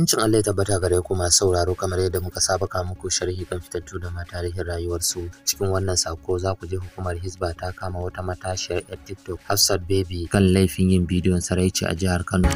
Amincin Allah ya tabbata gare ku masu sauraro kamar yadda muka saba ka muku sharhi kan fitattu da ma tarihin rayuwarsu. Cikin wannan sako za ku je hukumar Hizba ta kama wata matashiyar 'yar TikTok Hafsat Baby kan laifin yin bidiyon saraici a jihar Kano.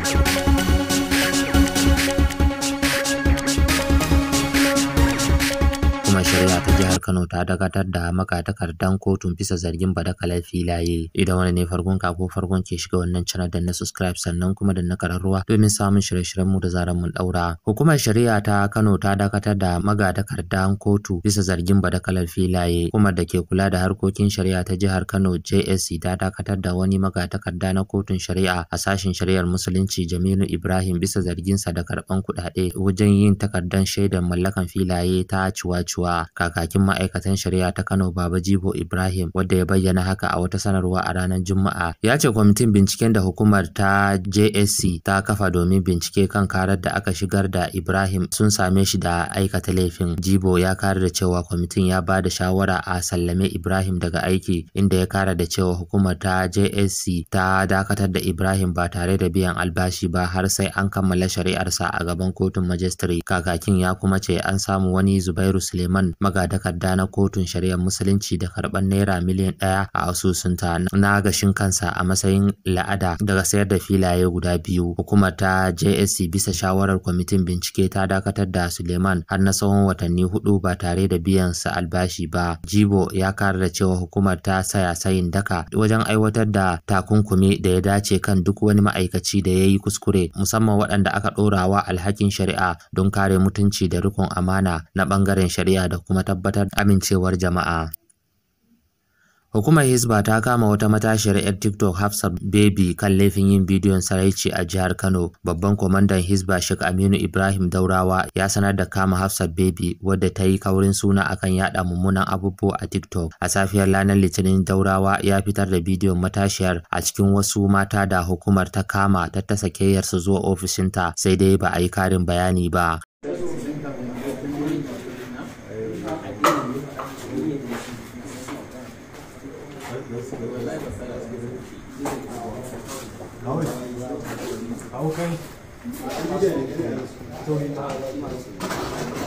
kuma shari'a ta jihar Kano ta dakatar da magatakardan kotun bisa zargin badakalar filaye. Idan wani ne farkon ka ko farkon ke shiga wannan channel da na subscribe sannan kuma da na kararruwa domin samun shirye-shiryen mu da zaran mun daura. Hukumar shari'a ta Kano ta dakatar da magatakardan kotu bisa zargin badakalar filaye kuma da ke kula da harkokin shari'a ta jihar Kano JSC ta dakatar da wani magatakarda na kotun shari'a a sashen shari'ar musulunci Jamilu Ibrahim bisa zarginsa da karban kuɗaɗe wajen yin takardar shaidar mallakan filaye ta ciwa-ciwa kaka kakakin ma'aikatan shari'a ta Kano Baba Jibo Ibrahim wadda ya bayyana haka a wata sanarwa a ranar Juma'a ya ce kwamitin binciken da hukumar ta JSC ta kafa domin bincike kan karar da aka shigar da Ibrahim sun same shi da aikata laifin Jibo ya kare da cewa kwamitin ya ba da shawara a sallame Ibrahim daga aiki inda ya kara da cewa hukumar ta JSC ta dakatar da Ibrahim ba tare da biyan albashi ba har sai an kammala shari'arsa a gaban kotun majistare kakakin ya kuma ce an samu wani Zubairu Suleiman magada takarda na kotun shari'ar musulunci da karɓar naira miliyan ɗaya a asusunta na gashin kansa a matsayin la'ada daga sayar da filaye guda biyu hukumar ta JSC bisa shawarar kwamitin bincike ta dakatar da Suleiman har na tsawon watanni hudu ba tare da biyan sa albashi ba Jibo ya kara da cewa hukumar ta saya sayin daka wajen aiwatar da takunkumi da ya dace kan duk wani ma'aikaci da ya yi kuskure musamman waɗanda aka ɗorawa alhakin shari'a don kare mutunci da rikon amana na ɓangaren shari'a da kuma tabbatar tabbatar amincewar jama'a. Hukumar Hisba ta kama wata matashiyar 'yar TikTok Hafsat Baby kan laifin yin bidiyon saraici a jihar Kano. Babban kwamandan Hisba Sheikh Aminu Ibrahim Daurawa ya sanar da kama Hafsat Baby wadda ta yi kaurin suna akan yada mummunan abubuwa a TikTok. A safiyar ranar Litinin Daurawa ya fitar da bidiyon matashiyar a cikin wasu mata da hukumar ta kama ta tasa keyarsu zuwa ofishinta sai dai ba a yi karin bayani ba. Hau kai.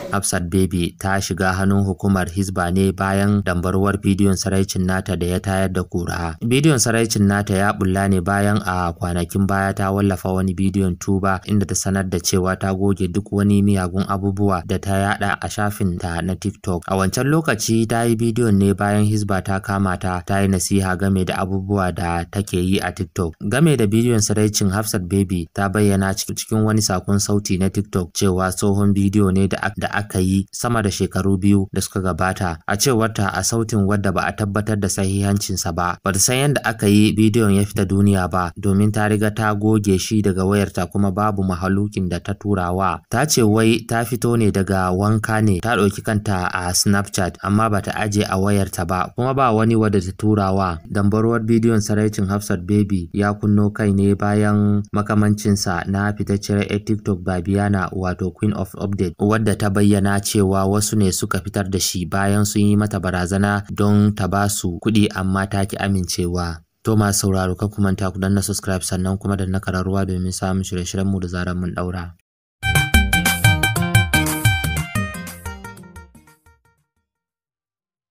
Hafsat Baby ta shiga hannun hukumar Hizba ne bayan dambarwar bidiyon saraicin nata da ya tayar da kura. Bidiyon saraicin nata ya bulla ne bayan a kwanakin baya ta wallafa wani bidiyon tuba inda ta sanar da cewa ta goge duk wani miyagun abubuwa da ta yada a shafin ta na TikTok. A wancan lokaci ta yi bidiyon ne bayan Hizba ta kama ta ta yi nasiha game da abubuwa da take yi a TikTok. Game da bidiyon saraicin Hafsat Baby ta bayyana cikin cikin wani sakon sauti na TikTok cewa tsohon bidiyo ne da aka yi sama da shekaru biyu da suka gabata. A cewarta a sautin wadda ba a tabbatar da sahihancinsa ba, ba ta san yadda aka yi bidiyon ya fita duniya ba domin ta riga ta goge shi daga wayarta kuma babu mahalukin da ta turawa. Ta ce wai ta fito ne daga wanka ne ta ɗauki kanta a Snapchat amma ba ta aje a wayarta ba kuma ba wani wadda ta turawa. Dambarwar bidiyon saraicin Hafsat Baby ya kunno kai ne bayan makamancinsa na fita fitacciyar 'yar TikTok Babiana wato Queen of Update wadda ta bayyana cewa wasu ne suka fitar da shi bayan sun yi mata barazana don ta ba su kuɗi amma ta ki amincewa. To masu sauraro kan kuma manta ku na subscribe sannan kuma da na kararruwa domin samun shirye mu da zarar mun ɗaura.